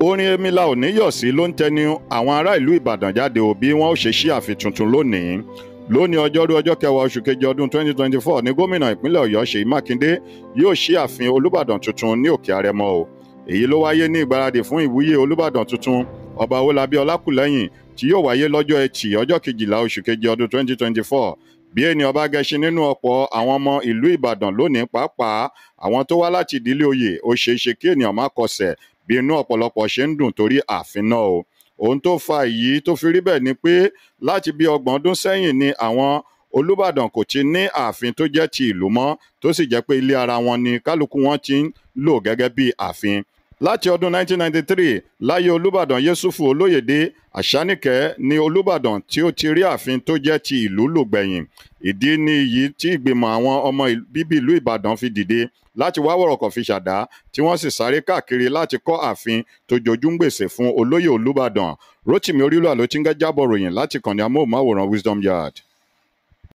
orin emila oníyọ̀sí ló ń tẹni àwọn ará ìlú ìbàdàn jáde ò bí wọn ó ṣe ṣí ààfin tuntun lónìí lónìí ọjọ́rú ọjọ́ kẹwàá oṣù kejì ọdún 2024 ní gómìnà ìpínlẹ̀ ọ̀yọ́ ṣèyí mákindé yóò ṣí ààfin olùbàdàn tuntun ní òkè àrẹmọ o èyí ló wáyé ní ìgbáradì fún ìwúyè olùbàdàn tuntun ọba owólabí ọlákùlẹ́yìn tí yóò wáyé lọ́jọ́ ẹtì ọjọ́ kejìlá oṣù kejì ọdún 2024 bí ènìyàn bá gẹṣin nínú ọ̀pọ̀ àwọn ọmọ ìlú ìbàdàn lónìí pàápàá àwọn tó wá láti ìdílé oyè ó ṣeéṣe kí ènìyàn má kọsẹ̀ bí inú ọ̀pọ̀lọpọ̀ ṣe ń dùn torí ààfin náà o ohun tó fa èyí tó fi rí bẹ́ẹ̀ ni pé láti bí ọgbọ̀n ọdún sẹ́yìn ni àwọn Olúbàdàn kò ti ní ààfin tó jẹ́ ti ìlú mọ́ tó sì jẹ́ pé ilé ara wọn ni kálukú wọn ti ń lò gẹ́gẹ́ bí ààfin láti ọdún 1993 láyé olùbàdàn yẹsùfù olóyèdè àṣánìkẹ́ ni olùbàdàn tí ó ti rí ààfin tó jẹ́ ti ìlú lò gbẹ̀yìn ìdí ni èyí tí ìgbìmọ̀ àwọn ọmọ bíbí ìlú ìbàdàn fi dìde láti wá wọ̀rọ̀kọ̀ fi ṣàdá tí wọ́n sì sáré káàkiri láti kọ́ ààfin tó jojú ń gbèsè fún olóyè olùbàdàn rotimi orílọ̀ àlọ́ tí ń gẹ́jábọ̀ ròyìn láti kàn ní amóhùnmáwòrán Wisdom Yard.